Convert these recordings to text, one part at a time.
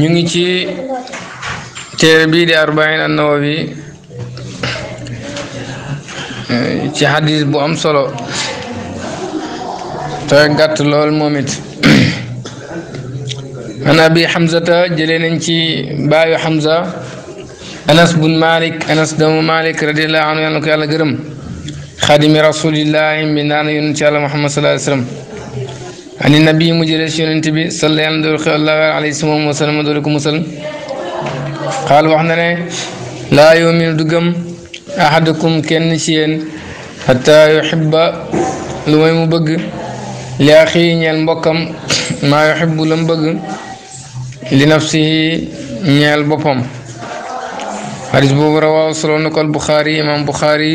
ñu ngi ci téere bii di arbain an ci xadis bu am solo te gàtt lool moom it an abi xamsata jëlee nañ ci baayu xamsa anas bun malik anas doomu malik radiallahu anhu yàlla na ko yàlla gërëm xadimi rasulillahi mi naana yonent ci yàlla muhammad sallallahu alayhi wa sallam عن النبي مجلس ينتبه صلى الله عليه وسلم ودولكم وسلم قال واحنا لا يؤمن دقم أحدكم كن حتى يحب لويم بق لأخي نيال بقم ما يحب لم بق لنفسه نيال بقم حديث بو رواه صلى الله البخاري إمام بخاري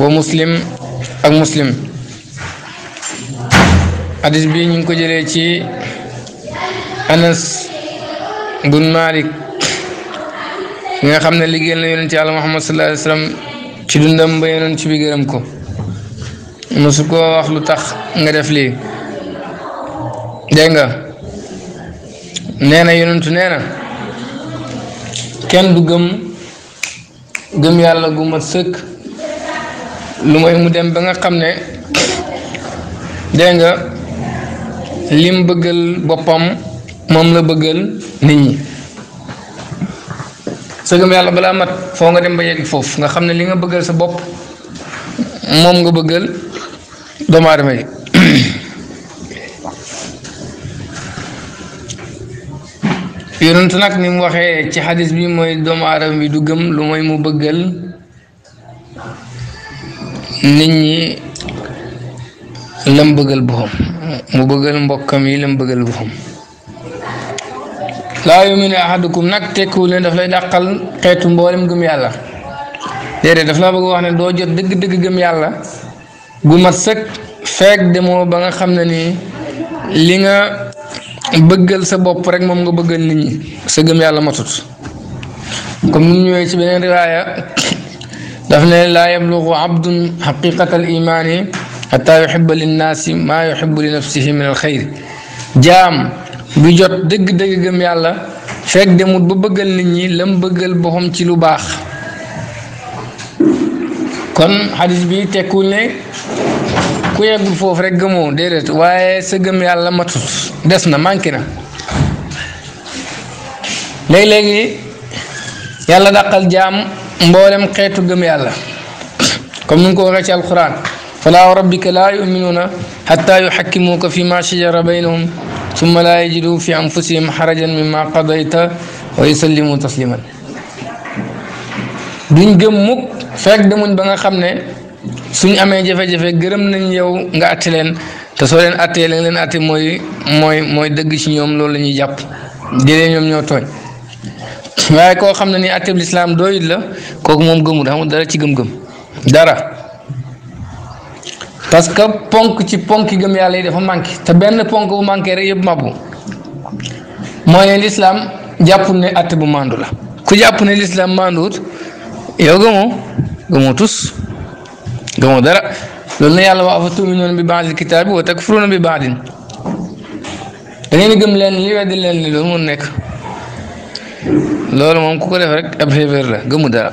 ومسلم المسلم hadis bi ñing ko jëlé ci anas bin malik nga xam ne na yoonte Allah muhammad sallallahu alayhi wasallam ci dundam ba ci bi gërëm ko mosu ko wax lu tax nga def li dégg nga nee na yonentu kenn du gëm gëm yalla gu ma sëkk lu mu dem ba nga ne lim bëggal boppam moom la bëggal nit ñi sëgëm yàlla balaa mat foo nga dem ba yegg foofu nga xam ne li nga bëggal sa bopp moom nga bëggal doomu aadama yi yonent nag ni mu waxee ci xadis bi mooy doomu aadama bi du gëm lu mooy mu bëggal nit ñi lam bëggal boppam mu bëggal mbokkam yi lam bëggal boppam laa yuminu ahadukum nag tekkiwul ne daf lay dàqal xeetu mboolem gëm yàlla déedéet daf laa bëgg wax ne doo jot dëgg-dëgg gëm yàlla gu mat sëkk feeg demoo ba nga xam ne nii li nga bëggal sa bopp rek moom nga bëggal nit ñi sa gëm yàlla matut comme nu ñëwee ci beneen riwaaya daf ne laa yablugu abdun xaqiqatal imaani حتى يحب للناس ما يحب لنفسه من الخير جام بجوت دق دق جم يلا فك دمود ببغل نني لم بغل بهم تلو باخ كون حديث بي تكون لي كو يغ فوف رك ديرت واي سا گم يالا ماتوس دسنا مانكينا لي لي يالا دقال جام مبولم خيتو گم يالا كوم نكو ورا القران فلا وربك لا يؤمنون حتى يحكموك فيما شجر بينهم ثم لا يجدوا في أنفسهم حرجا مما قضيت ويسلموا تسليما duñ gëm mukk fekk demuñ ba nga xam ne suñ amee jafe-jafe gërëm nañ yow nga atte leen te soo leen attee la nga leen atte mooy mooy mooy dëgg ci ñoom loolu la ñuy jàpp déedéet ñoom ñoo tooñ waaye koo xam ne ni atteb lislaam doyut la kooku moom gëmul xamul dara ci gëm-gëm dara parce que ponk ci ponk gëm yàlla yi dafa manqué te benn ponk bu manqué rek yëpp mabbu mooy ne lislaam jàpp ne att bu mandu la ku jàpp ne lislaam manduwut yow gëmoo gëmoo tus gëmoo dara loolu na yàlla wax afa tuuminoona bi ba'dil kitaabi wa takfuruuna bi ba'din da ngeen gëm leen li weddi leen li loolu mun nekk loolu moom ku ko def rek ab xéeféer la gëmu dara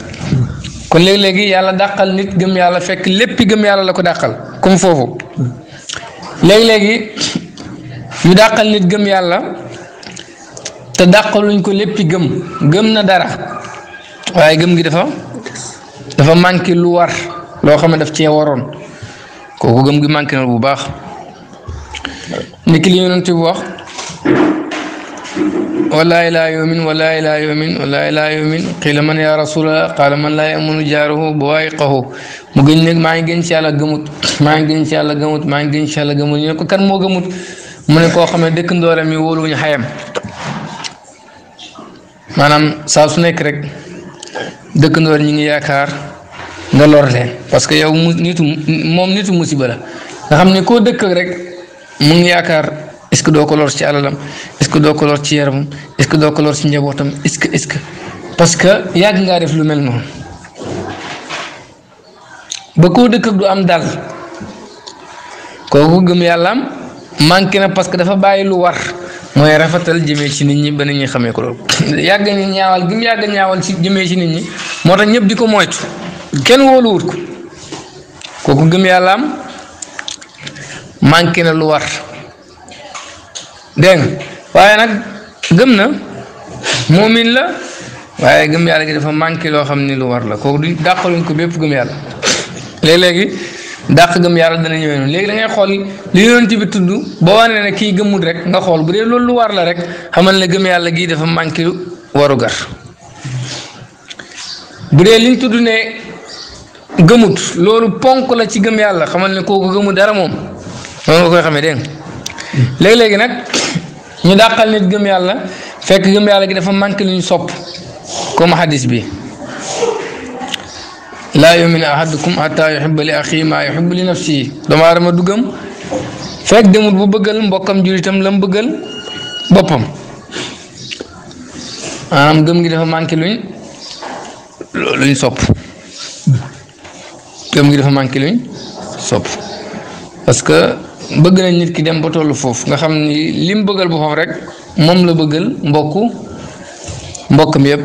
kon léegi-léegi yàlla dàqal nit gëm yàlla fekk léppi gëm yàlla la ko dàqal comme foofu léegi-léegi ñu dàqal nit gëm yàlla te dàqaluñ ko léppi gëm gëm na dara waaye gëm gi dafa dafa manqué lu war loo xam ne daf cee waroon kooku gëm gi manqué na bu baax niki li yonent bi wax ولا إلى يوم ولا إلى يومين ولا إلى يوم قيل من يا رسول الله قال من لا يؤمن جاره بوائقه مجنن ما يجن شاء الله جمود ما يجن شاء الله جمود ما يجن شاء الله جمود يقول كان مو جمود من يقول خم يدك ندور مي ولو نحيم ما نام سالسنا كرك دك ندور نيجي يا كار نلور له بس كي يوم نيتو مم نيتو مصيبة لا خم نيكو دك كرك مم يا كار est ce que doo ko lor ci alalam est ce que doo ko lor ci yaram est ce que doo ko lor ci njabotam est ce que est ce que parce que yag nga def lu mel non ba ko dekk du am dal ko gëm yàllaam manqué na parce que dafa bayyi lu war moy rafatal jëme ci nit ñi ba nit ñi xamé ko loolu yag ñi ñaawal gim yag ñaawal ci jëme ci nit ñi motax ñepp diko moytu ko moytu kenn wóoluwut ko ko gëm yàllaam manqué na lu war dégg nga waaye nag gëm na moom muumin la waaye gëm yàlla gi dafa manqué loo xam ni lu war la kooku du dàqaluñ ko bépp gëm yàlla léeg-léegi dàq gëm yàlla dana ñëwee noonu léegi da ngay xool li yonent bi tudd ba wane kii gëmul rek xool bu loolu lu war la rek xamal ne gëm yàlla gii dafa manqué waru gar bu dee liñ tudd ne gëmut loolu ponk la ci gëm yàlla xamal ne kooku gëmul dara moom noonu nga koy xamee dégg leg leg nak ñu daqal nit gëm yalla fekk gëm yalla gi dafa manke luñu sop comme hadith bi لا يؤمن أحدكم حتى يحب لأخيه ما يحب لنفسه دوما رما دوغم فك دمول بو بغل مبوكم جوريتم لم بغل بوبم ام گم گي دافا مانكي لوي لوي سوب گم گي دافا مانكي لوي سوب باسكو bëgg nañ nit ki dem ba tollu foofu nga xam ni lim bëggal boppam rek moom la bëggal mbokk mbokkam yépp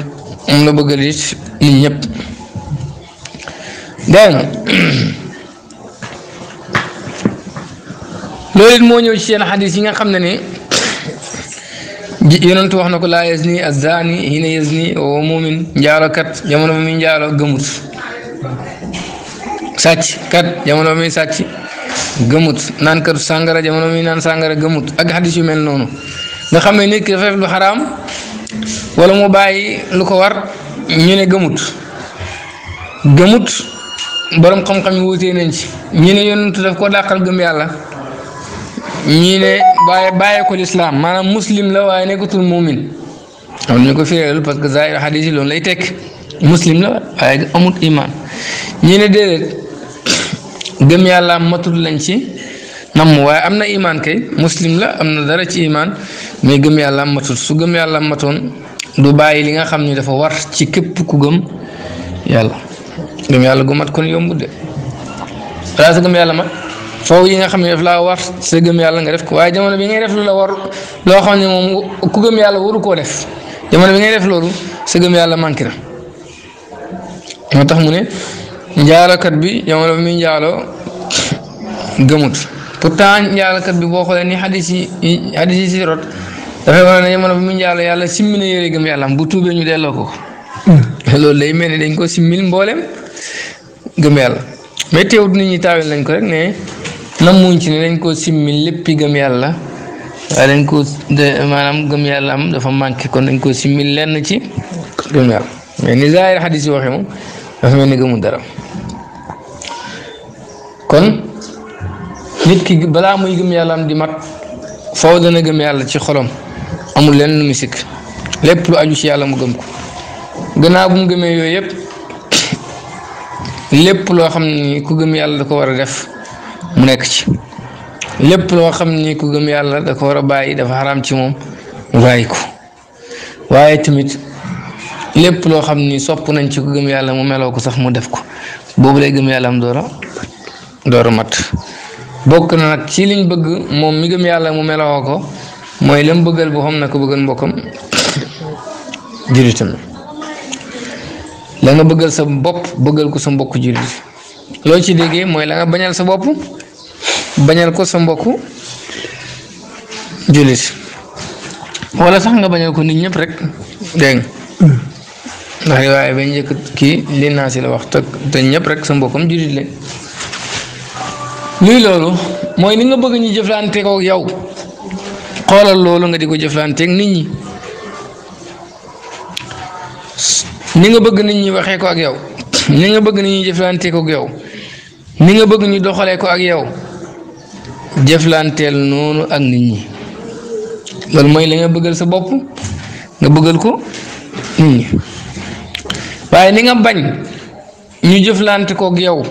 moom la bëggal nit ñëpp dégg loolu it moo ñëw ci seen xadis yi nga xam ne ni yonentu wax na ko laa yazni azzaani hina yazni wa muumin njaalo kat jamono ba muy njaalo gëmut sàcc kat jamono ba muy sàcc gëmut naan kër sàngara jamono mii naan sàngara gëmut ak xadis yu mel noonu nga xam ne nit ki dafa lu xaraam wala mu bàyyi lu ko war ñu ne gëmut gëmut borom xam-xam yi wutee nañ ci ñu ne yonent daf koo dàqal gëm yàlla ñi ne bàyyi bàyyi ko lislaam maanaam muslim la waaye nekkatul muumin am ñu ko firéelu parce que zahir xadis yi loolu lay tekk muslim la waaye amut iman ñi ne déedéet gëm yàlla matul lañ ci namm waaye am na imaan kay muslim la am na dara ci imaan mais gëm yàlla matul su gëm yàlla matoon du bàyyi li nga xam ni dafa war ci képp ku gëm yàlla gëm yàlla gu mat kon yomb de balaa sa gëm yàlla mat yi nga xam ne daf laa war sa yàlla nga def ko waaye jamono bi ngay def lu la war loo xam ku gëm waru koo def jamono bi ngay def loolu sa gëm yàlla manqué na moo tax mu ne njaalokat bi jamono bi muy njaaloo gëmut pourtant njaalokat bi boo xoolee ni xadis yi xadis yi si rot dafay wane ne jamono bi muy njaaloo yàlla simmi na yére gëm yàlla bu tuubee ñu delloo ko hmm. loolu day mel ni dañ ko simmil mboolem gëm yàlla mais ñi taawil nañ ko rek ne namuñ ci ne dañ koo simmil léppi gëm yàlla waaye dañ ko maanaam gëm yàlla am dafa manqué kon dañ koo simmil lenn ci gëm yàlla mais ni zaahir xadis yi dafa mel ni dara kon nit ki balaa muy gëm yàlla am di mat faw dana gëm yàlla ci xolom amul lenn lu lépp lu aju ci yàlla mu gëm ko gannaaw bu mu gëmee yooyu yëpp lépp loo xam ni ku gëm yàlla da ko war a def mu nekk ci lépp loo xam ni ku gëm da ko war a bàyyi dafa xaraam ci moom mu bàyyi ko waaye tamit lépp loo xam ni sopp nañ ci ku gëm yàlla mu meloo ko sax mu def ko boobu lay gëm yàlla am doora door a mat bokk na nag ci liñ bëgg moom mi gëm yàlla mu melawoo ko mooy lam bëggal boo xam na ko bëggal mbokkam jullitam la nga bëggal sa bopp bëggal ko sa mbokk jullit loo ci déggee mooy la bañal sa bopp ko sa mbokk jullit wala sax nga bañal ko nit ñëpp rek dégg nga mm. ndax waaye ba njëkk kii li naa si la wax te ñëpp rek sa mbokkam jullit la luy loolu mooy ni nga bëgg ñu jëflante ko yow xoolal loolu nga di ko jëflanteeg nit ñi ni nga bëgg nit ñi waxee ko ak yow ni nga bëgg nit ñi jëflantee ko yow ni nga bëgg ñu doxalee ko ak yow jëflanteel noonu ak nit ñi loolu mooy li nga bëggal sa bopp nga bëggal ko nit ñi waaye ni nga bañ ñu jëflante ko yow.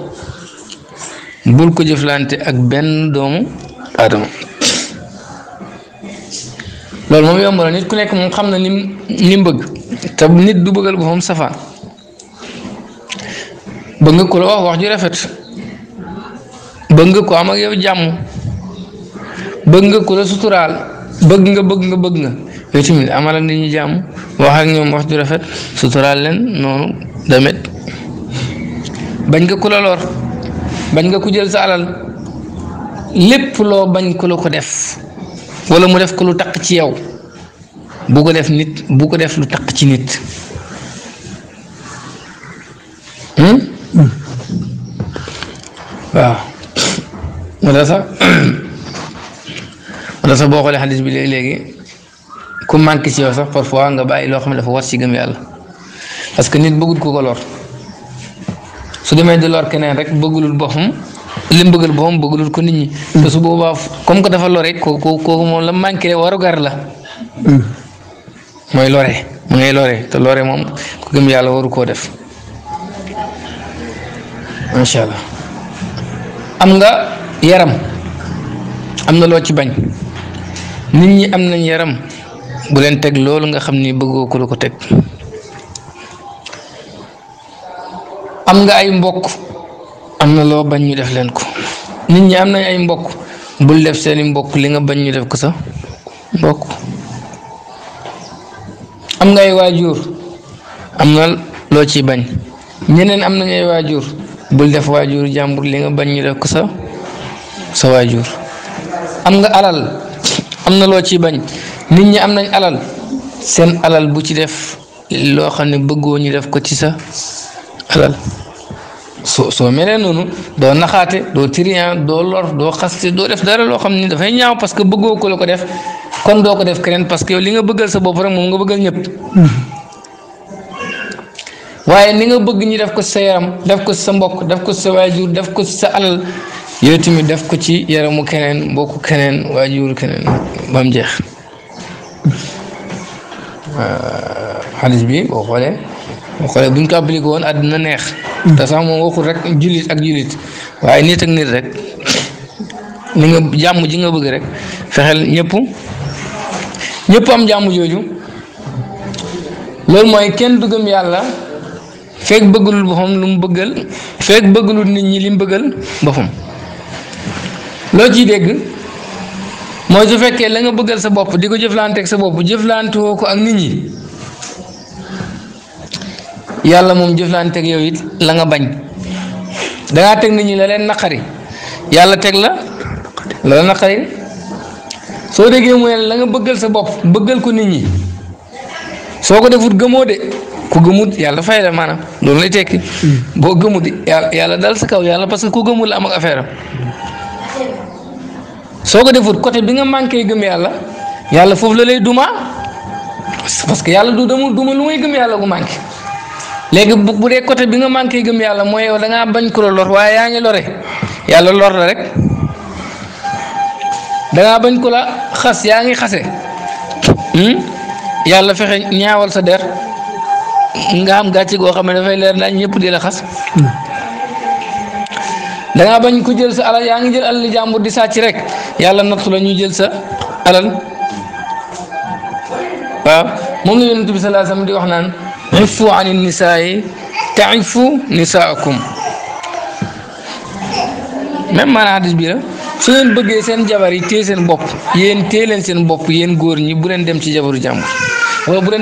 bul ko jëflante ak benn doomu aadama loolu moom yomb nit ku nekk moom xam na ni ni mu bëgg te nit du bëggal boppam safaan bëgg nga ko la wax wax ju rafet bëgg nga ko am ak yow jàmm bëgg nga ko la suturaal bëgg nga bëgg nga bëgg nga yow tamit amal jàmm wax ak wax ju rafet suturaal leen noonu damit bañ nga ko la lor. bañ nga ko jël sa alal lépp loo bañ ko la ko def wala mu def ko lu taq ci yow bu ko def nit bu ko def lu taq ci nit hmm? waaw wala sax wala sax boo xoolee xadis bi léegi ku manqué ci yow sax parfois nga bàyyi loo xam ne dafa war ci gëm yàlla parce que nit bëggut ko ko lor su demee di lor keneen rek bëggulul boppam lim bëggal boppam bëggulul ko nit ñi. te su boobaa comme que dafa lore kooku kooku moom la manqué warugar la. Hmm. mooy lore mu ngay te lore moom yàlla waru koo def macha allah am nga yaram am na loo ci bañ nit ñi am nañ yaram bu leen teg loolu nga xam ni bëggoo ko lu ko teg. am nga ay mbokk am na loo bañ ñu def leen ko nit ñi am nañ ay mbokk bul def seeni mbokk li nga bañ ñu def ko sax mbokk am nga ay waajur am na loo ciy bañ ñeneen am nañ ay waajur bul def waajur jàmbur li nga bañ ñu def ko sa sa waajur am nga alal am na loo ci bañ nit ñi am nañ alal seen alal bu ci def loo xam ne bëggoo ñu def ko ci sa alal soo soo melee noonu doo naxaate doo trian doo lor doo xaste doo def dara loo xam ni dafay ñaaw parce que bëggoo ko la ko def kon doo ko def keneen parce que yow li nga bëggal sa bopp rek moom nga bëggal ñëpp ni nga bëgg ñi def ko sa yaram def ko sa mbokk def ko sa waajur def ko sa alal yooyu tamit def ko ci yaramu keneen mbokku keneen waajur keneen ba mu jeex xaalis bi boo xoolee boo xoolee buñ ko appliqué woon àddina neex. te sax moom waxul rek jullit ak jullit waaye nit ak nit rek ni nga jàmm ji nga bëgg rek fexeel ñëpp ñëpp am jàmm jooju loolu mooy kenn du gëm yàlla fekk bëggalul boppam lu mu bëggal fekk bëggalul nit ñi li mu bëggal boppam loo ci dégg mooy su fekkee la nga bëggal sa bopp di ko jëflanteeg sa bopp jëflante ko ak nit ñi. mom moom ak yow it la nga bañ da nga tek nit ñi la leen nakari yalla tek la la nakari so soo mu yalla la nga bëggal sa bop bëggal ko nit ñi soko defut gëmo de ku gëmut yalla fay la maanaam lay tek bo gëmut dal sa kaw yalla parce que ku gëmul am ak affaire soko defut côté bi nga manké gëm yalla yalla fofu la lay duma parce que yalla du demul duma lu muy gëm yalla gu manké legi bu bu côté bi nga manké gëm yalla moy yow da nga bañ ko lor waaye ya nga loré yalla lor la rek da nga bañ ko la ya nga xassé hmm yalla fexé ñaawal sa der nga am gatch go xamné da fay leer daañ ñepp di la xass hmm. da nga bañ ko jël sa ala ya nga jël al jàmbur di sacc rek yalla nattu la ñu jël sa alal waaw mom la bi sallallahu alayhi wasallam di wax naan. عفوا عن النساء تعفوا نساءكم même man hadis bi la su ngeen bëggee seen jabar yi téye seen bopp yéen téye leen seen bopp yéen góor ñi bu leen dem ci jabaru jàmbur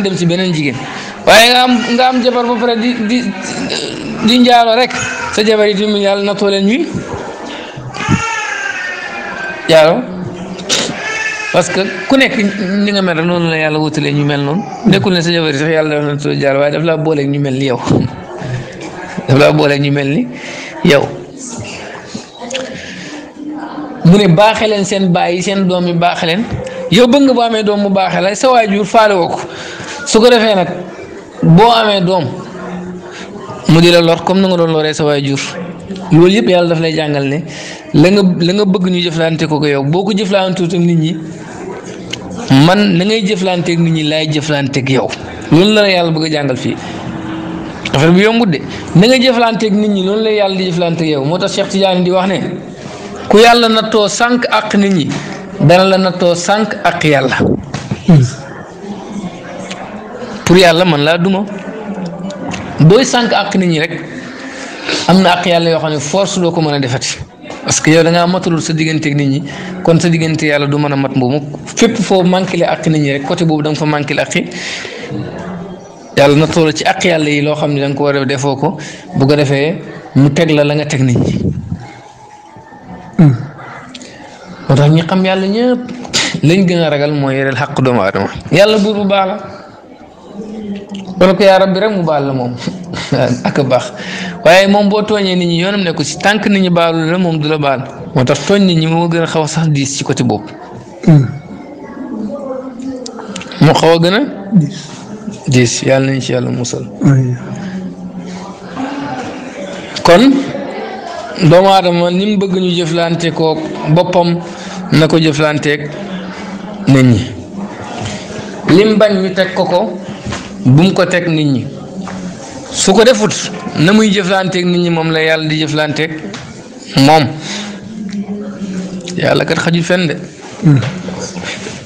di di di njaalo rek sa jabar yi di mu yàlla natoo parce que ku nekk ni nga mel rek noonu la yàlla wutalee ñu mel noonu nekkul ne sa jabar sax yàlla def na soo jaar waaye daf laa booleeg ñu mel ni yow daf laa booleeg ñu mel ni yow. mu ne baaxe leen seen baay seen doom yi baaxe leen yow bëgg nga boo amee doom mu baaxee la sa waajur faale woo ko su ko defee nag boo amee doom mu di la lor comme na nga doon loree sa waajur loolu yëpp yàlla daf lay jàngal ne la nga la nga bëgg ñu jëflante ko ko yow boo ko jëflanteeku nit ñi man na ngay jëflanteeg nit ñi laay jëflanteeg yow loolu la yàlla bëgg jàngal fii affaire bi de na ngay jëflanteeg nit ñi loolu la yàlla di jëflanteeg yow moo tax Cheikh Tidiane di wax ne ku yàlla nattoo sànq ak nit ñi dana la nattoo sànq ak yàlla pour yàlla man laa duma booy sànq ak nit ñi rek. am na àq yàlla yoo xam ne force loo ko mën a defati parce que yow da ngaa matalul sa diggante ak nit ñi kon sa diggante yàlla du mën a mat moomu fépp foo manqué le àq nit ñi rek côté boobu da nga fa manqué le àq na toll ci àq yàlla yi loo xam ne da ko war a defoo ko bu ko defee mu teg la la nga teg nit ñi. Hmm. moo tax ñi xam yàlla ñëpp lañ gën a ragal mooy yereel xaq doomu aadama yàlla buur bu baax la wala ko yaa rabbi rek mu baal la moom. ak baax waaye moom boo tooñee nit ñi yoonam ne ko si tànk nit ñi baalu la moom du la baal moo tax tooñ nit ñi moo gën a xaw a sax diis ci côté boobu. Hmm. xaw a gën a. diis yàlla nañ ci yàlla musal. kon doomu aadama ni mu bëgg boppam na ko jëflanteeg nit ñi lim bañ ñu teg ko ko bum ko teg nit ñi. su ko defut na muy jëflanteeg nit ñi moom la yàlla di jëflanteeg moom yàlla kat xajul fenn de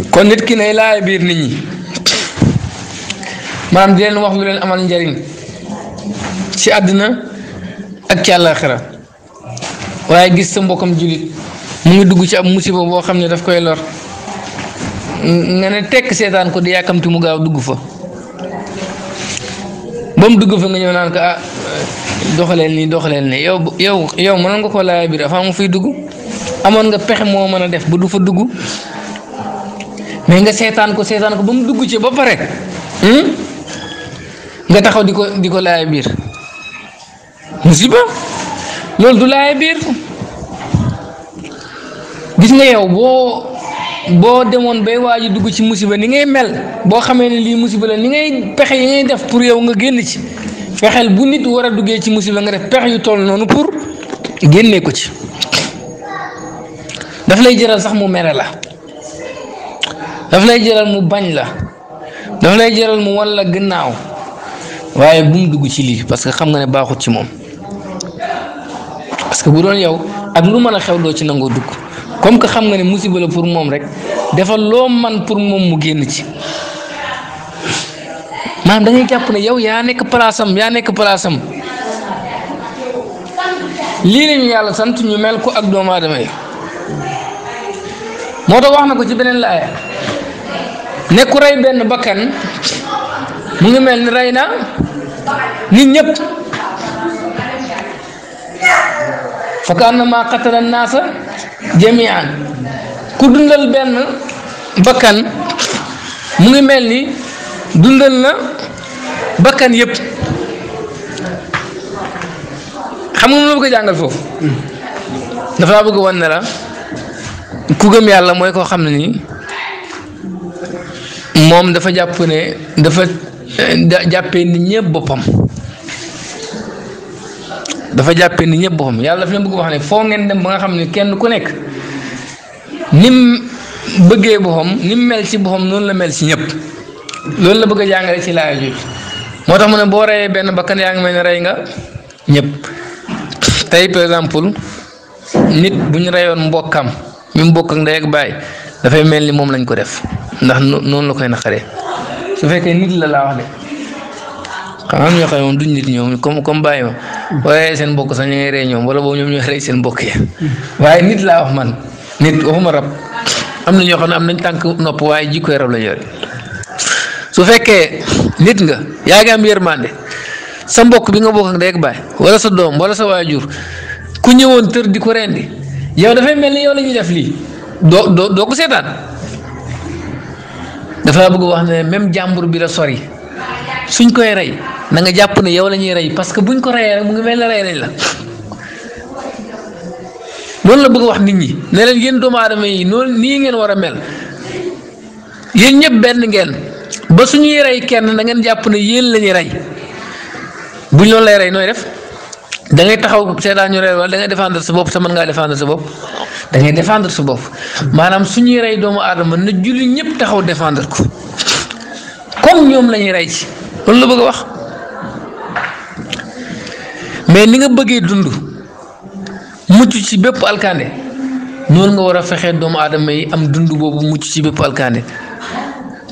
kon nit ki nay laay biir nit ñi maanaam di leen wax lu leen amal njariñ ci àddina ak ci waaye gis sa mbokkam jullit mu ngi dugg ci ab musiba boo xam ne daf koy lor nga ne tekk seetaan ko di yàkkamti mu gaaw dugg fa ba mu dugg fa nga ñëw naan ko ah doxaleel nii doxaleel nii yow yow yow mënoon nga koo laaya biir avant mu fiy dugg amoon nga pexe moo mën a def ba du fa dugg mais nga seetaan ko seetaan ko ba mu dugg ci ba pare hmm? nga taxaw di ko di ko laaya biir musiba loolu du laaya gis nga yow boo. boo demoon bay waaj a dugg ci musiba ni ngay mel boo xamee ne lii musiba la ni ngay pexe yi ngay def pour yow nga génn ci fexeel bu nit war a duggee ci musiba nga def pexe yu toll noonu pour génnee ko ci daf lay jëral sax mu mere la daf lay jëral mu bañ la daf lay jëral mu wan la gannaaw waaye bu mu dugg ci lii parce que xam nga ne baaxut ci moom parce que bu doon yow ak lu mën a xew doo ci nangoo dugg. comme que xam nga ni musiba la pour moom rek defal loo man pour moom mu génn ci maanaam dañuy jàpp ne yow yaa nekk palaasam yaa nekk palaasam lii la yàlla sant ñu mel ko ak doomu aadama yi moo tax wax na ko ci beneen laaya ne ku rey benn bakkan mu ngi mel ni rey na nit ñëpp fa ka annama qatala naasa jamian ku dundal benn bakkan mu ngi mel ni dundal na bakkan yépp xam nga moom la bëgg jàngal foofu dafa laa bëgg wan ne ku gëm yàlla mooy koo xam ne nii moom dafa jàpp ne dafa eh, jàppee nit ñëpp boppam dafa jàppee ni ñëpp boppam yàlla dafa leen bëgg wax ne foo ngeen dem ba nga xam ne kenn ku nekk nim bëggee boppam nim mel ci boppam noonu la mel ci ñëpp loolu la bëgg jàngale ci laaya jooju moo tax mu ne boo reyee benn bakkan yaa ngi mel ne rey nga ñëpp tey par exemple nit bu ñu reyoon mbokkam mi mbokk ak ndey ak baay dafay mel ni moom lañ ko def ndax noonu la koy naqaree su fekkee nit la laa wax de. xam ya. oh, am ñoo xam duñ nit ñoom comme comme bàyyi ma waaye seen bokk sa ñu ngay ñoom wala boobu ñoom ñooy rey seen bokk ya waaye nit laa wax man nit waxuma rab am na ñoo xam ne am nañ tànk nopp waaye jikkoy rab la yore su fekkee nit nga yaa ngi am yërmande sa mbokk bi nga bokk ak rek ak bàyyi wala sa doom wala sa waajur ku ñëwoon tër di ko rendi yow dafay mel ni yow la ñuy def lii do do doo ko seetaan dafa bëgg wax ne même jàmbur bi la sori suñ koy rey na nga jàpp ne yow la ñuy rey parce que buñ ko reyee rek mu ngi mel ne rey nañ la loolu la bëgg wax nit ñi ne leen yéen doomu aadama yi noonu nii ngeen war a mel yéen ñëpp benn ngeen ba suñuy rey kenn na ngeen jàpp ne yéen la ñuy rey buñ loolu lay rey nooy def da ngay taxaw seetaan ñu rey wala da ngay défendre sa bopp te mën ngaa défendre sa bopp da ngay défendre bopp maanaam suñuy rey doomu aadama na julli ñëpp taxaw défendre ko comme ñoom la ñuy rey loolu la bëgg a wax mais ni nga bëggee dund mucc ci bépp alkande noonu nga war a fexee doomu aadama yi am dund boobu mucc ci bépp alkande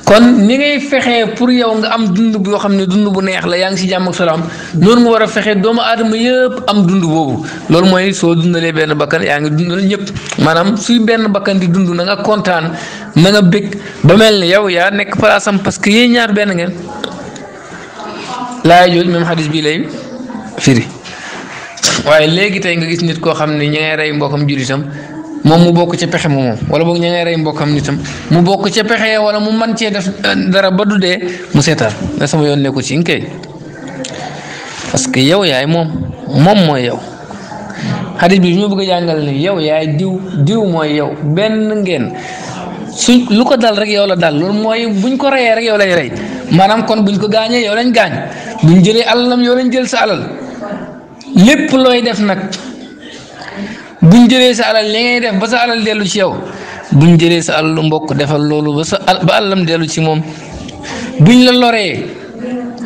kon ni ngay fexee pour yow nga am dund boo xam ne dund bu neex la yaa ngi si jàmm ak salaam noonu nga war a fexe doomu aadama yëpp am dund boobu loolu mooy soo dundalee benn bakkan yaa ngi dundal ñëpp maanaam suy benn bakkan di dund na nga kontaan na nga bég ba mel ne yow yaa nekk palaasam parce que yéen ñaar benn ngeen. laa yajuz même xadis bii lay firi waaye léegi tey nga gis nit koo xam ne ña ngay rey mbokkam jullitam moom mu bokk ca pexe moom wala boog ña rey mbokkam nitam mu bokk ca pexe wala mu man cee def euh, dara ba du dee mu seetaan nga sama yoon nekku ci kay parce que yow yaay moom moom mooy yow xadis bi ñu bëgg a jàngal ne yow yaay diw diw mooy yow benn ngeen su lu ko dal rek yow la dal loolu mooy buñ ko reyee rek yow lay rey maanaam kon buñ ko gaañee yow lañ gaañ. buñ jëlee alalam yoo leen jël sa alal lépp looy def nag buñ jëlee sa alal li ngay def ba sa alal dellu ci yow buñ jëlee sa alalu mbokk defal loolu ba sa ba alalam dellu ci moom buñ la loree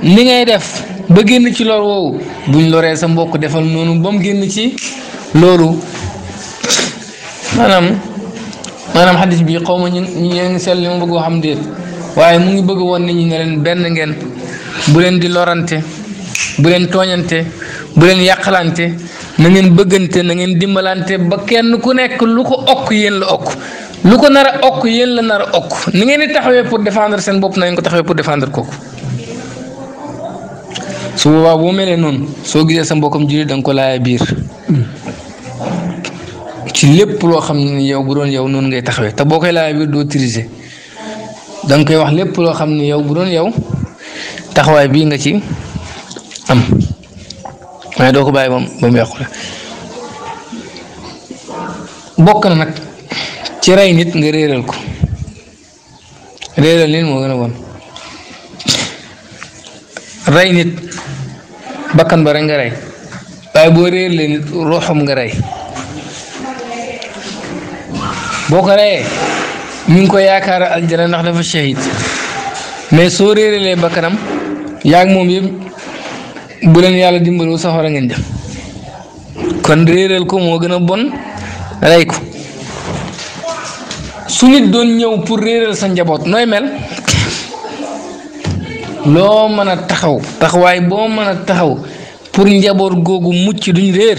ni ngay def ba génn ci lor bu buñ loree sa mbokk defal noonu ba mu génn ci loolu maanaam maanaam xadis bi xaw ma ñu ñu ngi seetlu li ma bëgg a xam déet waaye mu ngi bëgg woon nit ñi ne leen benn ngeen. bu leen di lorante bu leen tooñante bu leen yàqalante na ngeen bëggante na ngeen dimbalante ba kenn ku nekk lu ko okk yéen la okk lu ko nar a okk yéen la nara a okk ni ngeen di taxawee pour défendre seen bopp na ngeen ko taxawee pour défendre kooku su boobaa boo melee noonu soo gisee sa mbokkam jullit da nga ko laaya biir ci lépp loo xam ne yow bu doon yow noonu ngay taxawee te boo koy laaya biir doo triser da koy wax lépp loo xam ne yow bu doon yow. taxawaay bii nga ci am waaye doo ko bàyyi moom ba mu yàqu la bokk na nag ci ray nit nga réeral ko réeral nit moo gën a bon rey nit bakkan ba rek nga rey waaye boo réeralee nit nga rey boo ko reyee ñu ngi ko yaakaar aljana ndax dafa shahid mais soo réeralee bakkanam yaa ngi moom yëpp bu leen yàlla dimbaloo safara ngeen jëm kon réeral ko moo gën a bon rey ko su nit doon ñëw pour réeral sa njaboot nooy mel loo mën a taxaw waaye boo mën a taxaw pour njaboot googu mucc duñ réer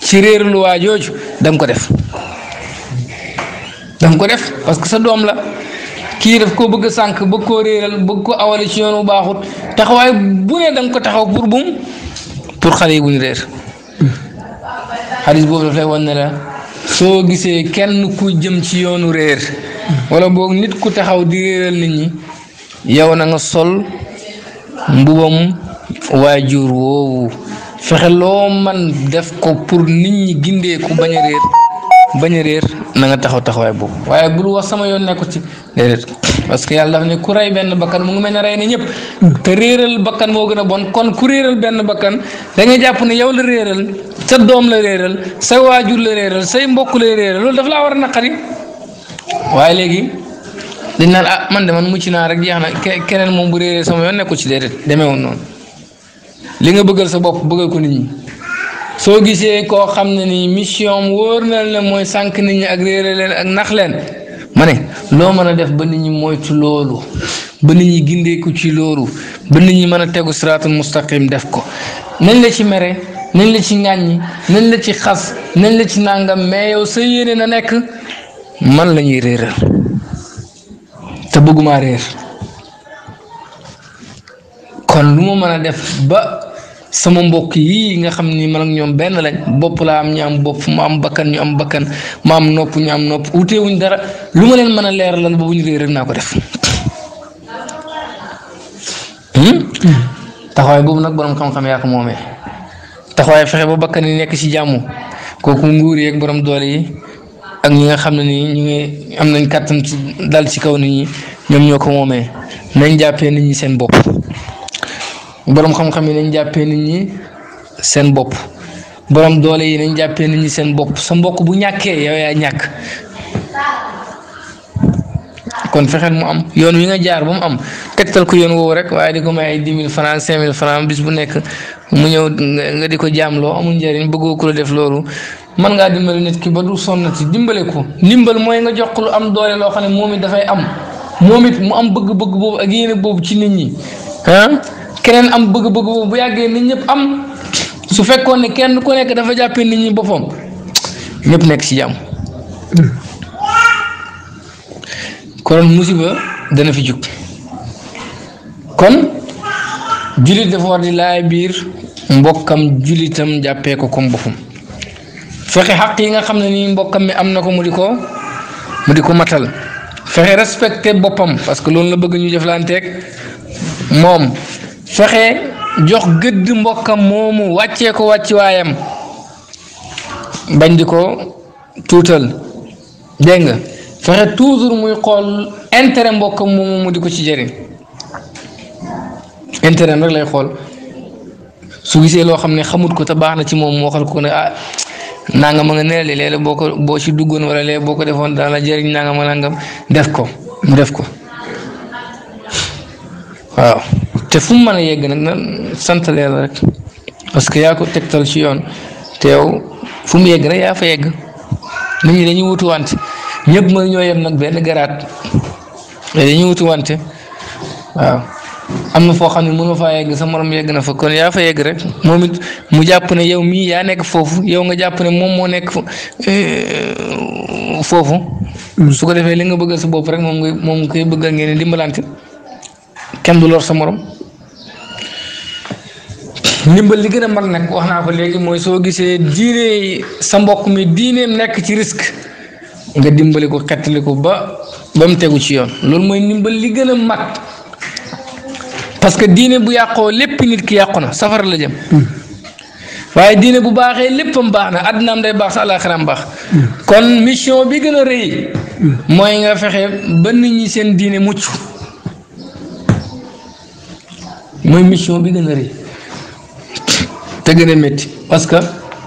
ci réer lu jooju danga ko def danga ko def parce sa doom la. kii daf koo bëgg a sànq bëgg koo réeral bëgg ko awale ci yoon bu baaxut taxawaay bu ne da ko taxaw pour bum pour xale yi bu ñu réer xadis boobu daf wan ne la soo gisee kenn ku jëm ci yoonu réer walla boog nit ku taxaw di réeral nit ñi yow na nga sol mbubam waajur woowu fexe loo man def ko pour nit ñi gindee ku bañ a réer bañ a réer na nga taxaw taxawaay boobu waaye bul wax sama yoon nekku ci déedéet parce que yàlla dafa ne ku rey benn bakkan mu ngi mel ne rey na ñëpp te réeral bakkan moo gën a bon kon ku réeral benn bakkan da jàpp ne yow la réeral sa doom la réeral sa waajur la réeral say mbokk la réeral loolu dafa la war a naqari waaye léegi dañ naan ah man de man mucc naa rek jeex na keneen moom bu réeree sama yoon nekku ci déedéet demeewul noonu li nga bëggal soo gisee koo xam ne nii mission wóor na la mooy sànq nit ñi ak réere leen ak nax leen ma ne loo mën a def ba nit ñi moytu loolu ba nit ñi gindeeku ci loolu ba nit ñi mën a tegu siraatul mustaqim def ko nañ la ci mere nañ la ci ŋàññi nañ la ci xas nañ la ci nàngam mais yow sa yéene na nekk man lañuy ñuy réeral te bëggumaa réer kon lu ma mën a def ba sama mbokk yi nga xam ni man ak ñoom benn lañ bopp la am ñu am bopp ma am bakkan ñu am bakkan ma am nopp ñu am nopp wuteewuñ dara lu ma leen mën a leeralal ba bu ñu rek naa ko def hmm? taxawaay boobu nag borom xam-xam yaa ko moomee taxawaay fexe ba bakkan yi nekk ci jàmm kooku nguur yeeg borom doole yi ak ñi nga xam ne nii ñu ngi am nañ kàttan dal ci kaw nit ñi ñoom ñoo ko moomee nañ jàppee nit ñi seen bopp boroom xam-xam yi nañ jàppee nit ñi seen bopp borom doole yi nañ jàppee nit ñi seen bopp sa mbokk bu ñàkkee yow yaa ñàkk kon fexeel mu am yoon wi nga jaar ba mu am tegtal ko yoon woowu rek waaye ko may ay dix mille franc cinq mille franc bu nekk mu ñëw nga di ko jaamloo amul njëriñ bëggoo ko def loolu mën ngaa dimbali nit ki ba du sonnati dimbale ko ndimbal mooy nga jox lu am doole loo xam ne moom it dafay am moom it mu am bëgg-bëgg boobu ak yéene boobu ci nit ñi keneen am bëgg-bëgg boobu bu yàggee nit ñëpp am su fekkoon ne kenn ku nekk dafa jàppe nit ñi boppam ñëpp nekk ci jàmm kon musiba dana fi jug kon jullit dafa war di laay biir mbokkam jullitam jàppee ko comme boppam fexe xaq yi nga xam ne nii mbokkam mi am na ko mu di ko mu di ko matal fexe respecté boppam parce que loolu la bëgg ñu jëflanteeg moom. fexe jox gëdd mbokkam moomu wàccee ko wàcc waayam bañ di ko tuutal dégg nga fexe toujours muy xool intérêt mbokkam moomu mu di ko ci jëriñ intérêt rek lay xool su gisee loo xam ne xamut ko te baax na ci moom mu waxal ko ne ah naa ma nga nerali léeg boo ko boo ci duggoon wala léeg boo ko defoon dana la jëriñ naa nga ma nangam def ko mu def ko waaw te fu mu mën a yegg nag na santal yàlla rek parce que yaa ko tegtal ci yoon te yow fu mu yegg rek yaa fa yegg nit ñi dañuy wutu wante ñëpp mooy ñoo yem nag benn garaat dañuy wutu wante am na foo xam ne mënoo faa yegg sa morom yegg na fa kon yaa fa yegg rek moom mu jàpp ne yow mii nekk foofu yow nga jàpp ne moom moo nekk eh, foofu mm. su ko defee li nga bëggal sa bopp rek moom ngay moom koy bëggal ngeen dimbalante kenn du lor sa morom. ndimbal li gën a mag nag wax naa ko léegi mooy soo gisee diine sa mbokk mi diineem nekk ci risque nga dimbali ko xettali ko ba ba mu tegu ci yoon loolu mooy ndimbal li gën a mag parce que diine bu yàqoo lépp nit ki yàqu na safara la jëm hmm. waaye diine bu baaxee léppam baax na àddinaam day baax sa àllaaxiraam baax hmm. kon mission bi gën a rëy hmm. mooy nga fexe ba nit ñi seen diine mucc mooy mission bi gën a rëy te gën a métti parce que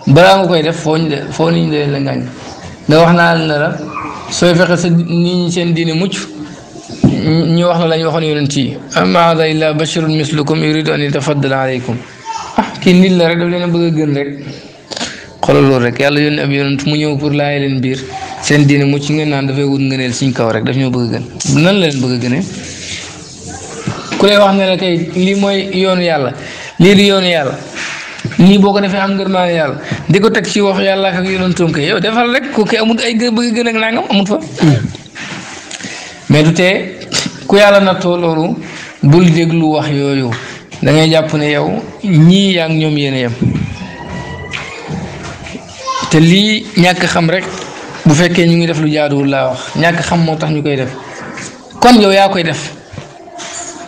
balaa nga koy def foo ñu de foo ñu de la da wax naa la la sooy fexe sa seen diine mucc ñu wax la la ñu waxoon yonent yi ama hada illa bashirun mislukum yuridu an yatafaddala aleykum ah kii nit la rek daf leen bëgg a gën loolu rek yàlla yónni ab yonent mu ñëw pour laay leen biir seen diine mucc ngeen naan dafay wut ngëneel kaw rek daf ñoo bëgg a gën bëgg a gënee ku lay wax ne kay lii mooy yoonu yàlla lii di yoonu yàlla lii boo ko defee am ngërmaane yàlla di ko teg ci wax yàlla ak yonentam tonk yow defal rek ku ki amut ay bëgg gën naa nangam amut fa mais du tee ku yàlla na loolu bul déglu wax yooyu dangay jàpp ne yow ñii yaa ngi ñoom yéen yem te lii ñàkk xam rek bu fekkee ñu ngi def lu jaaduwul laa wax ñàkk xam moo tax ñu koy def kon yow yaa koy def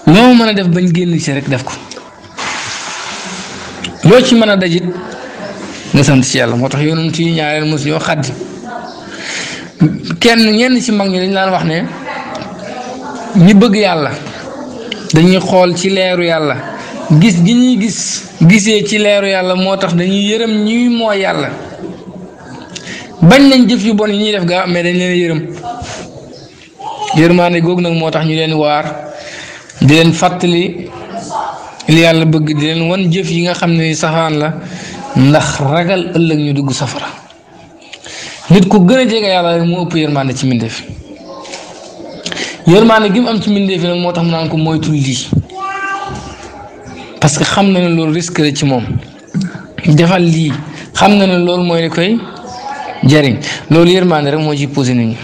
loo mën a def bañ génn ci rek def ko loo ci mën a dajit nga sant ci yàlla moo tax yonent yi ñaareel mos ñoo xàddi kenn ñenn ci mag ñi dañ daan wax ne ñu bëgg yàlla dañuy xool ci leeru yàlla gis gi ñuy gis gisee ci leeru yàlla moo tax dañuy yërëm ñuy mooy yàlla bañ nañ jëf yu bon yi ñuy def gaa mais dañ leen yërëm yërmaande googu nag moo tax ñu leen waar di leen fàttali li yàlla bëgg di leen wan jëf yi nga xam ne safaan la ndax ragal ëllëg ñu dugg safara nit ku gën a jege yàlla rek mu ëpp yërmande ci mbindeef yërmande gi mu am ci mbindeef nag moo tax mu naan ko moytul lii parce que xam na ne loolu risque la ci moom defal lii xam na ne loolu mooy li koy jariñ loolu yërmande rek moo ci posé nit ñi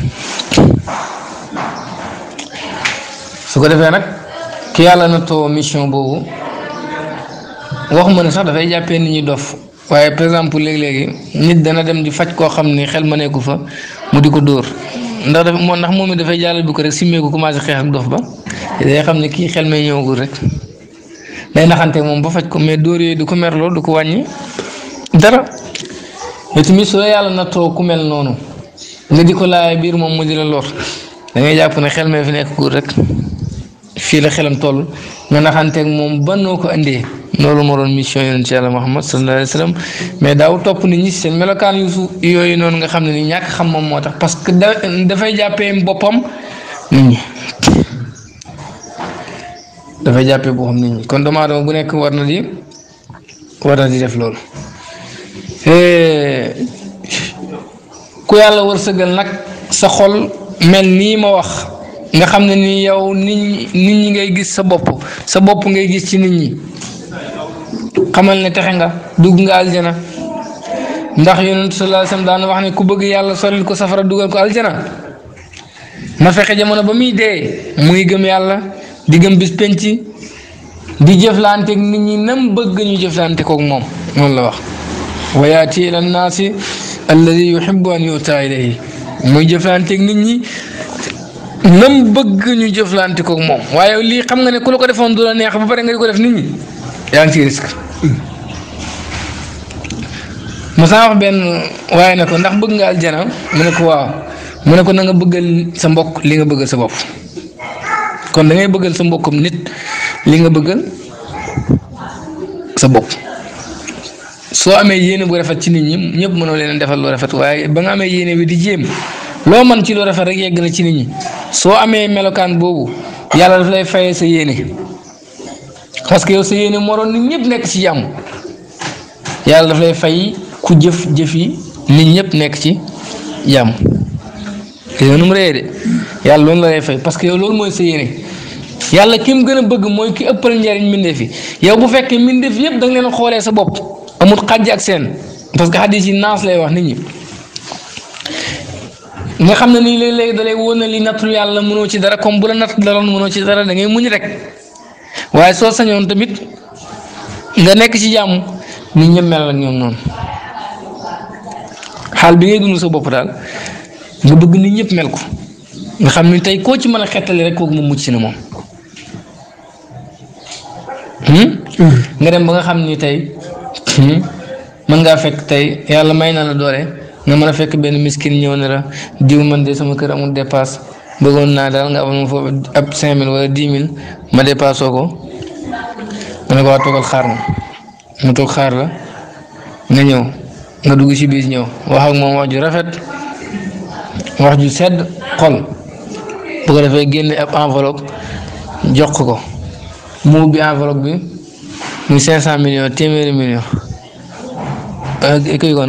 su ko defee nag ki yàlla na too mission boobu. waxuma ne sax dafay jappé nit ñi dof waye par exemple leg leegi nit dana dem di fajj ko xamni xel ma nekku fa mu diko dóor ndax dafa mo ndax momi dafay jàllal bi ko rek simé ko commencé xex ak dof ba day xamni ki xel may ñëwagul rek day naxante mom ba fajj ko mais dóor yooyu du ko merloo du ko wàññi dara mais tamit soo yàlla to ku mel nonu nga diko ko bir mom mu di la lor da ngay jàpp ne xel may fi nek góor rek fi la xelam toll nga naxante mom ban noo ko loolu moo doon mission yonent yàlla Muhammad sallallahu alayhi wa sallam mais daaw topp nit ñi seen melokaan yu yooyu noonu nga xam ne ni ñàkk xam moom moo tax parce que da dafay jàppee boppam nit ñi dafay jàppee boppam nit ñi kon doomu aadama bu nekk war na di war na di def loolu ku yàlla wërsëgal nag sa xol mel nii ma wax nga xam ne ni yow nit ñi ngay gis sa bopp sa bopp ngay gis ci nit ñi. xamal ne texe nga dugg nga aljana ndax yonent sallallahu alayhi daan wax ne ku bëgg yàlla soril ko safara dugal ko aljana na fexe jamono ba muy dee muy gëm yàlla di gëm bis penc di jëflanteeg nit ñi nam bëgg ñu jëflante koog moom noonu la wax waaye lii xam nga ne ku la ko defoon du la neex ba pare nga di ko def nit yang ci risque mo sa wax ben waaye nako ndax bëgg nga aljana mu nako ko waaw mu sambok komnit, na nga bëggal sa mbokk li nga bëggal sa bopp kon da ngay bëggal sa mbokkum nit li nga bëggal sa bopp So amé yéene bu rafet ci nit ñi ñepp mëno leen defal lu rafet waye ba nga amé yéene bi di jëm lo man ci lu rafet rek yegg na ci nit ñi so amé melokan bobu yalla da lay fayé sa yéene parce que yow sa yéene moroon nit ñëpp nekk ci jàmm yàlla daf fay ku jëf jëf nit ñëpp nekk ci jàmm yow nu mu rëyee de yàlla loolu la lay fay parce que yow loolu mooy sa yéene yàlla ki gën a bëgg mooy ki ëppal njariñ mbindeef yi yow bu fekkee mbindeef yëpp da nga leen xoolee sa bopp amul xàjj ak seen parce que xadis yi naas lay wax nit ñi nga xam ne nii léeg-léeg da lay wóor na li nattu yàlla mënoo ci dara comme bu la natt daloon mënoo ci dara da ngay muñ rek. waaye soo sañoon tamit nga nekk ci jàmm nit ñëpp mel ak ñoom noonu xaal bi ngay dund sa bopp daal nga bëgg ni ñëpp mel ko nga xam ni tey koo ci mën a xettali rek kooku mu mucc na moom. Hmm? nga dem ba nga xam ni tey hmm, mën ngaa fekk tey yàlla may naa la doole nga mën a fekk benn miskin ñëw ne la diw man de sama kër a amul dépasse bëggoon naa daal nga amoon foofu ab 5000 wala 10 000 ma dépassoo ko. mu ne ko waa toogal xaar ma mu toog xaar la nga ñëw nga dugg ci biir ñëw wax moom wax ju rafet wax ju sedd xol bu ko defee génne ab enveloppe jox ko mu ubbi enveloppe bi muy cinq cent millions téeméeri millions euh, kii euh,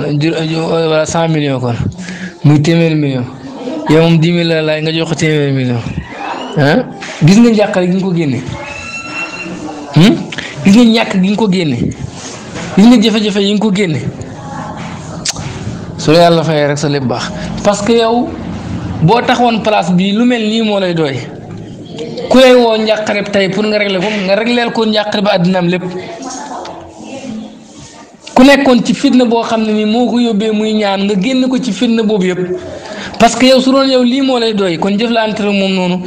moom dix mille la nga jox ko téeméeri millions gis nga njàqare gi ko génne. Hmm? li nga gini gi ngi ko génne li nga jafé jafé yi ngi ko génne su yalla fay rek sa lepp bax parce que yow bo taxone place bi lu mel ni mo lay doy ku lay wo nyak tay pour nga régler ko nga régleel ko njàqareb adinam lepp ku nekkon ci fitna bo xamni ni moo ko yóbbee muy ñaan nga génn ko ci fitna boobu yëpp parce que yow su ron yow li mo lay doy kon entre mom nonu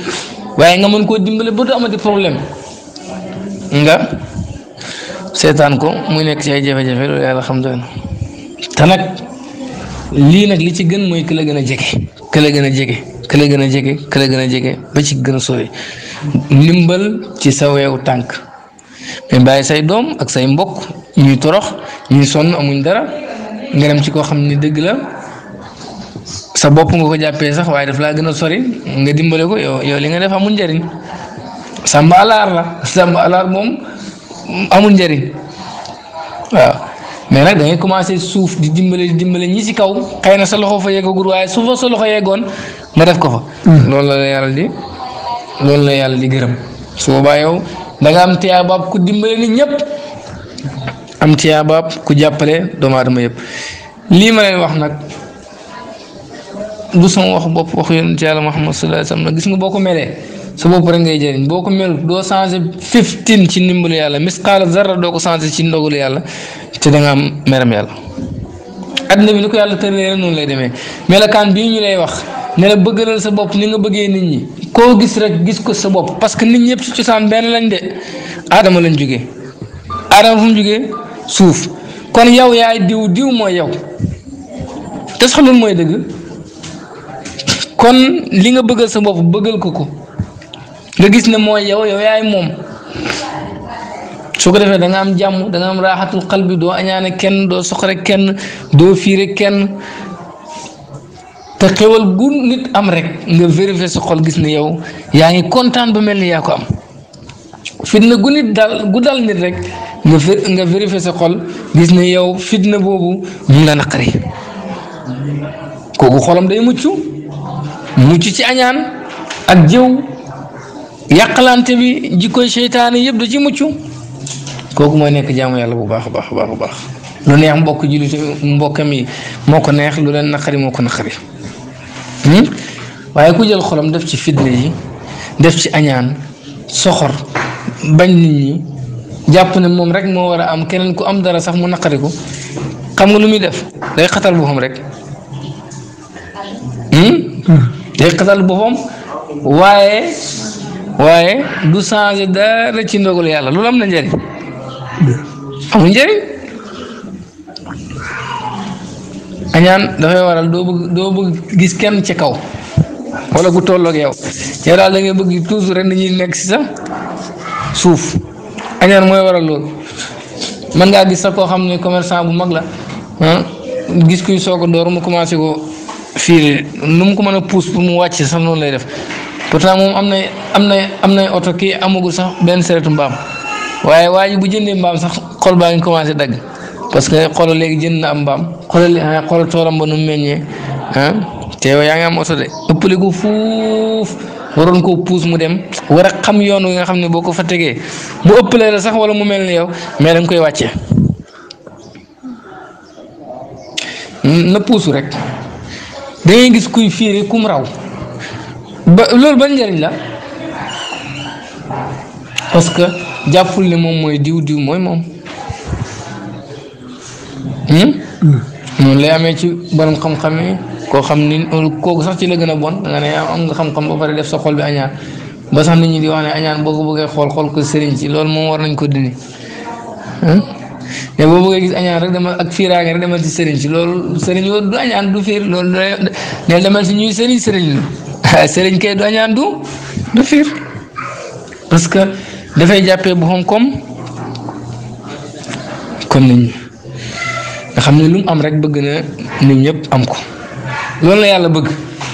waye nga mën ko dimbalé bu do amati problème nga setan ko muy nek ci ay jafé jafé loolu yalla xam doy ta nak li nak li ci gën moy kala gëna jégué kala gëna jégué kala gëna jégué kala gëna jégué ba ci gëna a limbal ci sa weewu mais bàyyi say dom ak say mbokk ñuy torox ñuy son amuñ dara nga ci ko xamni deug la sa bop nga ko jappé sax waaye daf la gëna a sori nga dimbalé ko yow yow li nga def amuñ njëriñ sàmm alaar la sàmm alaar mom amul njariñ waaw mais nag da ngay commencé suuf di dimbale di dimbale ñi ci kaw xëy na sa loxo fa yeggagul waaye su fa sa loxo yeggoon ma def ko fa. Hmm. loolu la la yàlla di loolu la yàlla di gërëm su boobaa yow da nga am tiyaabaab ku dimbale nit ñëpp am tiyaabaab ku jàppale doomu aadama yëpp lii ma leen wax nag du sama wax bopp waxu yonent yàlla na sallallahu alayhi wa sallam gis nga boo ko melee sa bopp rek ngay jëriñ boo ko melut doo changé fifteen ci ndimbalu yàlla misqaala zarra doo ko changé ci ndogalu yàlla te da nga am meram yàlla adduna bi ni ko yàlla tëralee rek noonu lay demee melokaan bii ñu lay wax ne la bëggalal sa bopp ni nga bëggee nit ñi koo gis rek gis ko sa bopp parce que nit ñëpp si cosaan lañ de lañ jógee aadama fu kon yow yaay diw diw mooy yow te mooy dëgg li nga bëggal sa bopp bëggal ko ko. nga gis ne mooy yow yow yaay moom soo ko defee da nga am jàmm danga nga am raaxatul qalbi doo añaane kenn doo soxore kenn doo fiire kenn te xewal gu nit am rek nga vérifier sa xol gis ne yow yaa ngi kontaan ba mel ni yaa ko am fitna gu rek nga nga vérifier sa gis ne yow fitna boobu mu la naqari kooku xolam day mucc mucc ci añaan ak jëw yàqalante bi jikko seytaan yëpp da ci mucc kooku mooy nekk jaamu yàlla bu baax a baax a baax lu neex mbokk jullit mbokkam mi moo ko neex lu leen naqari moo ko naqari hmm? waaye ku jël xolom def ci fitna yi def ci añaan soxor bañ nit ñi jàpp ne moom rek moo war a am keneen ku am dara sax mu naqari ko xam nga lu muy def day xatal boppam rek hmm? Hmm. day xatal boppam waaye. waaye du changé dara ci ndogalu yàlla loolu am na njëriñ amul njëriñ añaan dafay waral doo bëgg doo bëgg gis kenn ci kaw wala ku tolloog yow yow daal da ngay bëgg toujours rek dañuy nekk si sa suuf añaan mooy waral loolu mën ngaa gis sax koo xam ne commerçant bu mag la ah, gis kuy soog a door mu commencé ko fii nu mu ko mën a pousse pour mu wàcc sax noonu lay def pourtant moom am na am na am na oto kii amagul sax benn seretu mbaam waaye waa bu jëndee mbaam sax xol baa ngi commencé dagg parce que xoolal léegi jënd na am mbaam xol ah, xoolal toolam ba nu meññee ah, te yaa ngi am oto de ëppale ko fuuf waroon koo puus mu dem war a xam yoon wi nga xam ne boo ko fa tegee bu ëppalee sax wala mu mel ni yow mais da koy wàcce na puusu rek da gis kuy fiiri kum raw. loolu ba njëriñ la parce que jàppul ne moom mooy diw diw mooy moom hmm? Hmm. noonu lay amee ci borom xam-xam koo xam ni kooku sax ci la gën a bon nga ne am nga xam-xam ba pare def sa xol bi añaan ba sax nit ñi di wax ne añaan boo ko bëggee xool xool sëriñ ci loolu moom war nañ ko dindi mais hmm? boo bëggee gis añaan rek dama ak fiiraange demal ci sëriñ ci loolu sëriñ du añaan du fiir loolu day demal si ñuy sëriñ sëriñ la sëriñ kay du añaan du du fiir parce que dafay jàppe boppam comme comme nit ñi nga xam ne lu mu am rek bëgg na nit ñëpp am ko loolu na yàlla bëgg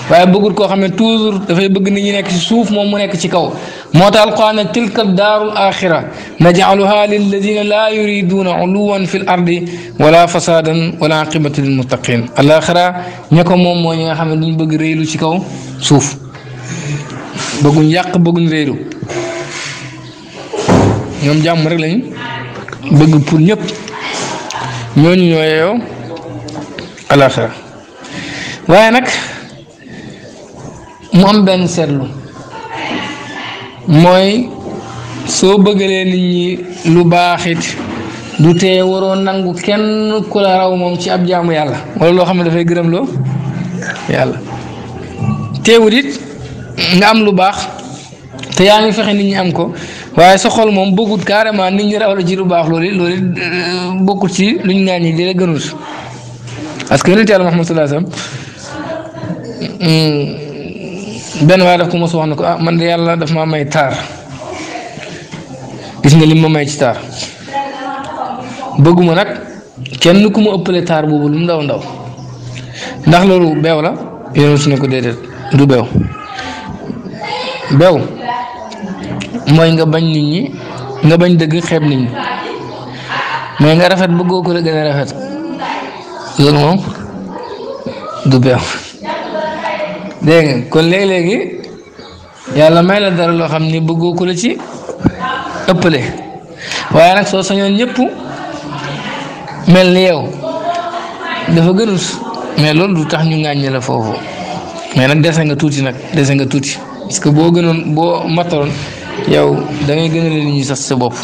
waaye bëggul koo xam ne toujours dafay bëgg nit ñu nekk ci suuf moom mu nekk ci kaw متلقان تلك الدار الآخرة نجعلها للذين لا يريدون علوا في الأرض ولا فسادا ولا عقبة للمتقين الآخرة نكون مومون يا حمد دون بغ ريلو شكو سوف بغن يق بغن ريلو يوم جام مرلين بغن بول نيب نيون نيويو الآخرة وينك مؤمن سرلو mooy soo bëggalee nit ñi lu baaxit du te waroo nangu kenn ku la raw moom ci ab jaamu yàlla wala loo xam ne dafay gërëm loo yàlla teewul it nga am lu baax te yaa ngi fexe nit ñi am ko waaye sa xol moom bokkut carrément nit ñi raw la ci lu baax loolu it loolu it euh, ci lu ñu naan ñi di la gënut que yonent yàlla Muhammad sallallahu alayhi benn waaye daf ko mos wax ne ko ah man de yàlla daf maa may taar gis nga lim ma may ci taar bëgguma nag kenn ku ma ëppale taar boobu lu mu ndaw ndaw ndax loolu beew la yéen su ne ko déedéet du beew beew mooy nga bañ nit ñi nga bañ dëgg xeeb nit ñi mais nga rafet bëggoo ko la gën a rafet loolu moom du beew dégg kon léegi-léegi yàlla may la dara loo xam ni bëggoo ku la ci ëppale waaye nag soo sañoon ñëpp mel ni yow dafa gënut mais loolu du tax ñu ŋàññi la foofu mais nag dese nga tuuti nag dese nga tuuti parce que boo gënoon boo mataroon yow da gën a leen ñu sas sa bopp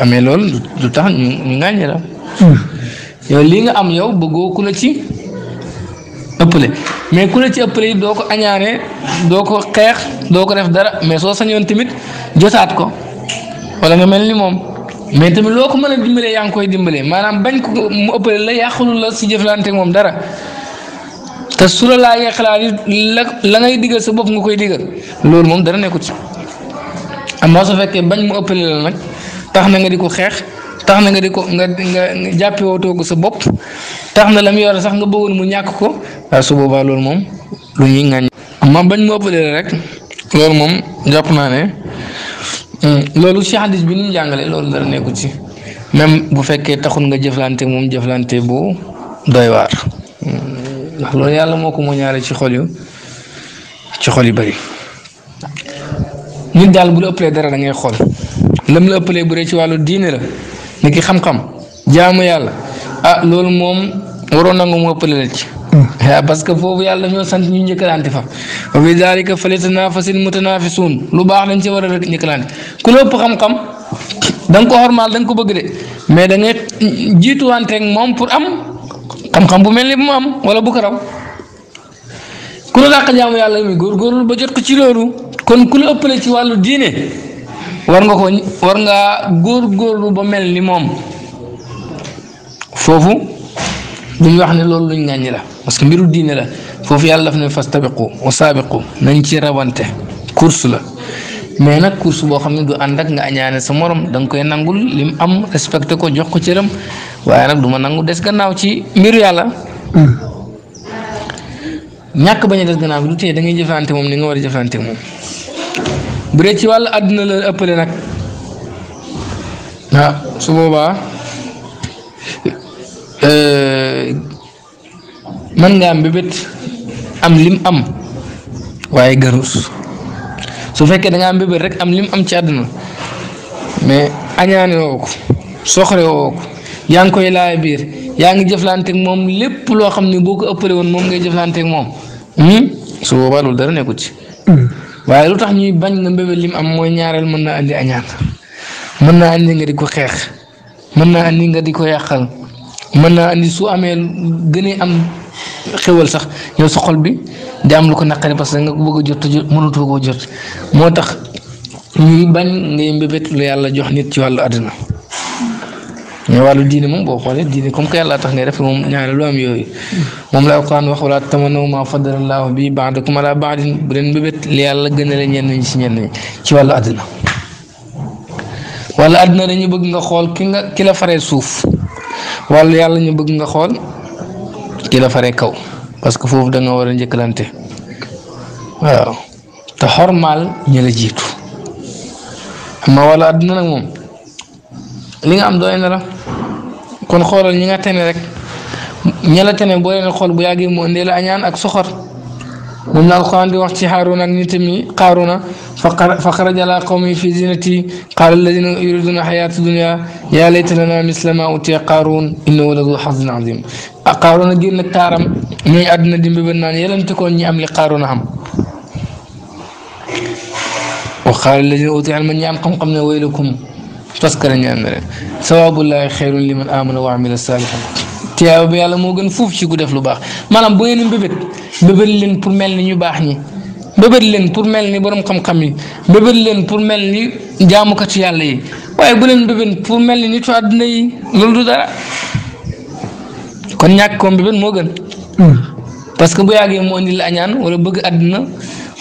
amee loolu du tax la hmm. nga am yow bëggoo ku la ci ëppale mais ku la ci ëppale it doo ko añaane doo ko xeex doo ko def dara mais soo sañoon tamit jotaat ko walla nga mel ni moom mais tamit loo ko mën a dimbalee yaa ngi koy dimbalee maanaam bañ ko mu ëppale la yàqulu la si jëflante moom dara te su la laajee xalaat la la ngay digal sa bopp nga koy digal loolu moom dara nekkut amaa su fekkee bañ mu ëppale la nag tax na nga di ko xeex tax na nga di ko nga nga jàppee wootoo ko sa bopp tax na la mu yore sax nga bëggoon mu ñàkk ko su boobaa loolu moom lu ñuy ŋàññ ma bañ ma ëppalee rek loolu moom jàpp naa ne mm, loolu ci xadis bi ni mu loolu dara nekkul ci même bu fekkee taxul nga jëflante moom jëflante bu doy waar mm, loolu yàlla moo ko moo ñaare ci xol yu ci xol yu bari nit daal bu la ëppalee dara da ngay xool lam la ëppalee bu dee ci wàllu diine la ni ki xam-xam jaamu yàlla ah loolu moom waroon na mu ëppale la Mm. ah parce que foofu yàlla ñoo sant ñu njëkkalante fa wa fi daalika falyatanafasil mutanafisun lu baax lañ ci war a rek njëkkalante ku la ëpp xam-xam da nga ko xormaal da ko bëgg mais da nga jiituwanteeg moom pour am xam-xam bu mel ni bu mu am wala bu ko raw ku la dàq jaamu yàlla mi góorgóorlu ba jot ko ci loolu kon ku la ëppale ci wàllu diine war nga ko war ngaa góorgóorlu ba mel ni moom foofu. duñ wax ne loolu luñ ŋàññi la parce que mbiru diine la foofu yàlla daf ne fastabiqu wa saabiqu nañ ci rawante course la mais nag course boo xam ne du ànd ak nga añaane sa morom da nga koy nangul lim am respecté ko jox ko cëram waaye nag du ma nangu des gannaaw ci mbiru yàlla. ñàkk bañ a des gannaaw bi du tee da ngay jëfante moom ni nga war a jëfante moom bu dee ci wàllu àddina la ëppale nag ah, su boobaa. Eh, man nga am bibit am lim am waye garus su fekke da nga am bibit rek am lim am ci aduna mais añani woo ko soxre woo ko yaa koy laay bir yang ngi ak mom lepp lo xamni boko boo won mom ngay moom ak mom hmm su boobaa balul dara nekku ci hmm. waye lutax ñuy bañ nga lim am moy ñaaral mëna andi añaan mëna andi nga di ko xeex andi nga di ko mën naa andi su amee gënee am xewal sax yow sa xol bi di am lu ko naqari parce que nga ko bëgg jot te jot mënatoo koo jot moo tax ñuy bañ ngay mbébét lu yàlla jox nit ci wàllu àdduna mais wàllu diine moom boo xoolee diine comme que tax ngay def moom ñaare yooyu moom la alquran wax wala tamanaw ma faddala allahu bi baadakum ala baadin bu leen li yàlla gënale ñenn ñi si ñenn ñi ci wàllu àddina bëgg nga xool ki nga ki la faree suuf. wal yàlla ñu bëgg nga xool ci la faree kaw parce que foofu danga war a njëkkalante waaw te xormaal ñu la jiitu ma wala adduna nag moom li nga am doo na la kon xoolal ñi nga tene rek ña la boo leen xool bu yàggee mu indee la añaan ak soxor. moom la alquran di wax ci xaaruuna ak nitam yi xaaruuna fa xaraja ala qawmi fi zinati qaala alladina yuriduna xayaata dunia yaa layta lana misla ma utiya qaaruun innahu la du xazin azim ah, qaaruuna génn ak taaram ñooy àdduna dimbi ba naan yelante koon ñi am li qaaruuna xam wa qaala alladina uti alma ñi am xam-xam ne waylakum taskara ñaan na leen sawabullahi xayrun liman amana wa amila salihan tiyaaba bi yàlla moo gën fuuf ci ku def lu baax maanaam bu ngeen mbébét bëbër leen pour mel ni ñu baax ñi bëbër leen pour mel ni borom xam-xam yi bëbër leen pour mel ni jaamukatu yàlla yi waaye bu leen bëbër pour mel ni nitu àdduna yi loolu du dara kon ñàkk koom bëbër moo gën parce que bu yàggee moo indil añaan wala bëgg àdduna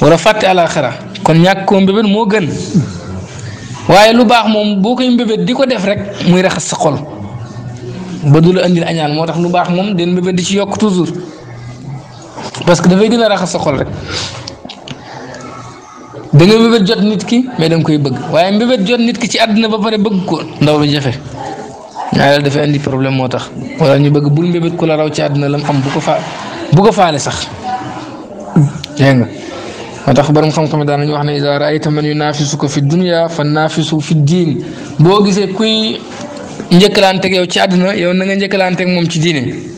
wala fàtte alaxira kon ñàkk koom bëbër moo gën waaye lu baax moom boo koy mbébét di ko def rek muy raxas sa xol ba du la indil añaan moo tax lu baax moom den mbébét di ci yokk toujours. parce que dafay gën a raxas sa xol rek da nga mbébét jot nit ki mais da koy bëgg waaye mbébét jot nit ki ci àddina ba pare bëgg ko ndaw lu jafe ñaareel dafa indi problème moo tax wala ñu bëgg bul mbébét ku la raw ci àddina lam am bu ko faa bu ko faale sax dégg tax borom xam-xam daan nañu wax ne iza raayta man yunaafisu ko fi dunya fa naafisu fi diin boo gisee kuy njëkk njëkkalanteeg yow ci àddina yow na nga njëkkalanteeg moom ci diine.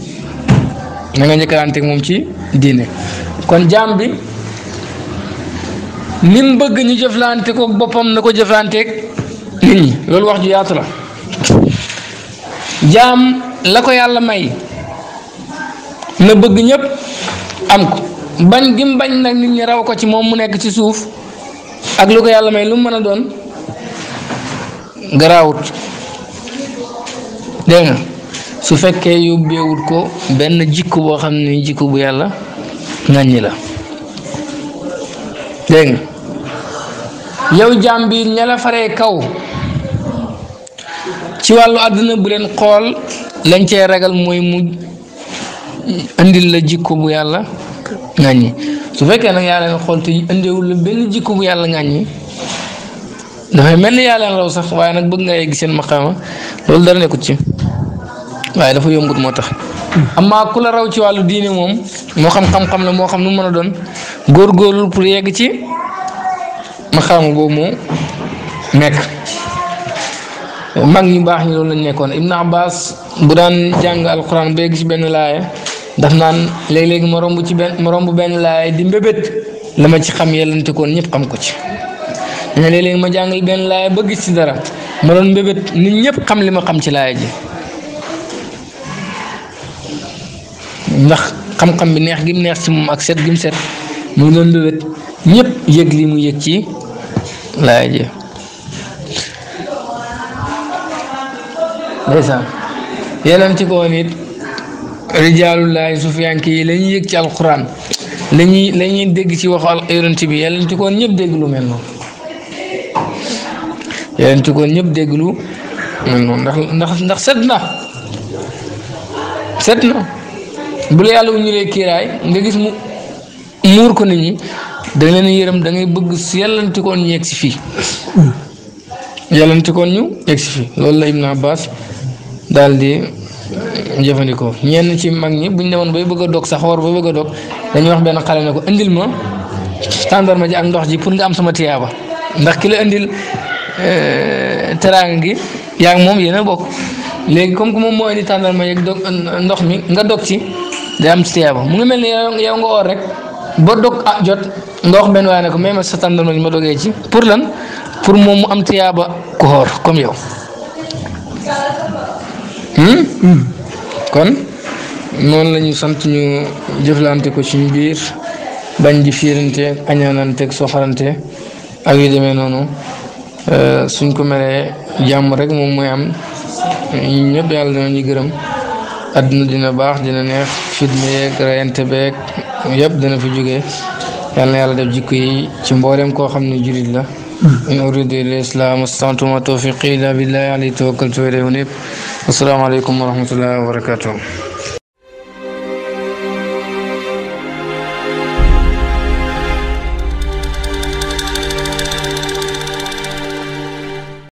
na nga njëkkalante moom ci diine kon jaam bi ni bëgg ñu jëflante kook boppam na ko jëflanteeg nit ñi loolu wax ju yaatu la jaam la ko yàlla may na bëgg ñépp am ko bañ gi bañ nag nit ñi raw ko ci moom mu nekk ci suuf ak lu ko yàlla may lu mu mën a doon garaawut dégg nga su fekkee yóbbeewul ko benn jikko boo xam ne jikko bu yàlla ŋàññi la dégg nga yow jaam bi ña kaw ci wàllu àdduna bu leen xool lañ cee ragal mooy mu indil la jikko bu yàlla ŋàññi su fekkee nag yaa leen xool te indiwul la benn jikko bu yàlla ŋàññi dafay mel na yaa leen raw sax waaye nag bëgg nga yegg seen maqaama loolu dara nekkut ci. waaye dafa yombut moo tax. ammaa ku la raw ci wàllu diine moom moo xam xam-xam la moo xam nu mu mën a doon góor góorgóorlu pour yegg ci maxaamu boobu mu nekk. mag ñu baax ñi lañ nekkoon Ibn Abbas bu daan jàng alquran ba yegg ci benn laaya daf naan léeg-léeg ma romb ci benn ma laaya di mbébét la ma ci xam yellante koon ñëpp xam ko ci. ne léeg-léeg ma jàngal benn laaya ba gis ci dara ma doon mbébét nit ñëpp xam li ma xam ci laaya ji. ndax xam-xam bi neex gi neex ci moom ak set gi mu set mu doon bébét ñëpp yëg li mu yëg ci laay ji ndeysaan yeneen ci koon it rijaalullaahi sufiyanke yi la ñuy yëg ci alquran la ñuy dégg ci waxu al yonent bi yeneen ci koon ñëpp dégg lu mel noonu yeneen ci dégg lu mel noonu ndax ndax set na set na bu la yàlla uñulee kiiraay nga gis mu muur ko nit ñi da leen yërëm da ngay bëgg si yàllanti koon ñu yegg si fii yàllanti ñu yegg si fii loolu la Ibn Abbas daal di jëfandikoo ñenn ci mag ñi buñ demoon bay bëgg a dog sax xoor ba bëgg a dog dañuy wax benn xale ne ko indil ma tàndarma ji ak ndox ji pour nga am sama tiyaaba ndax ki la indil eh, teraanga gi yaa moom yéen bokk. léegi comme que moom moo indi tàndarma yeeg dog euh, ndox mi nga dog ci day am ci tiyaaba mu ngi mel ni yow nga oor rek ba dog ah jot nga wax benn waaye ne ko même sa tàndarma ma dogee ci pour lan pour moom mu am tiyaaba ku xoor comme yow. Hmm? Hmm. kon noonu la ñu ñu jëflante ko ci biir bañ di fiirante añaananteeg soxarante ak yu deme noonu euh, suñ ko meree jàmm rek moom mooy am. ñun ñëpp yàlla dana ñu gërëm dina baax dina neex fitna yeeg rayante yëpp dana fi jógee yal na yàlla def jikko yi ci mboolem koo xam ne julit la in uridu illa islam astantuma tawfiqi illa billahi alayhi tawakkaltu wa ilayhi unib asalaamaaleykum wa rahmatullahi wa barakatuh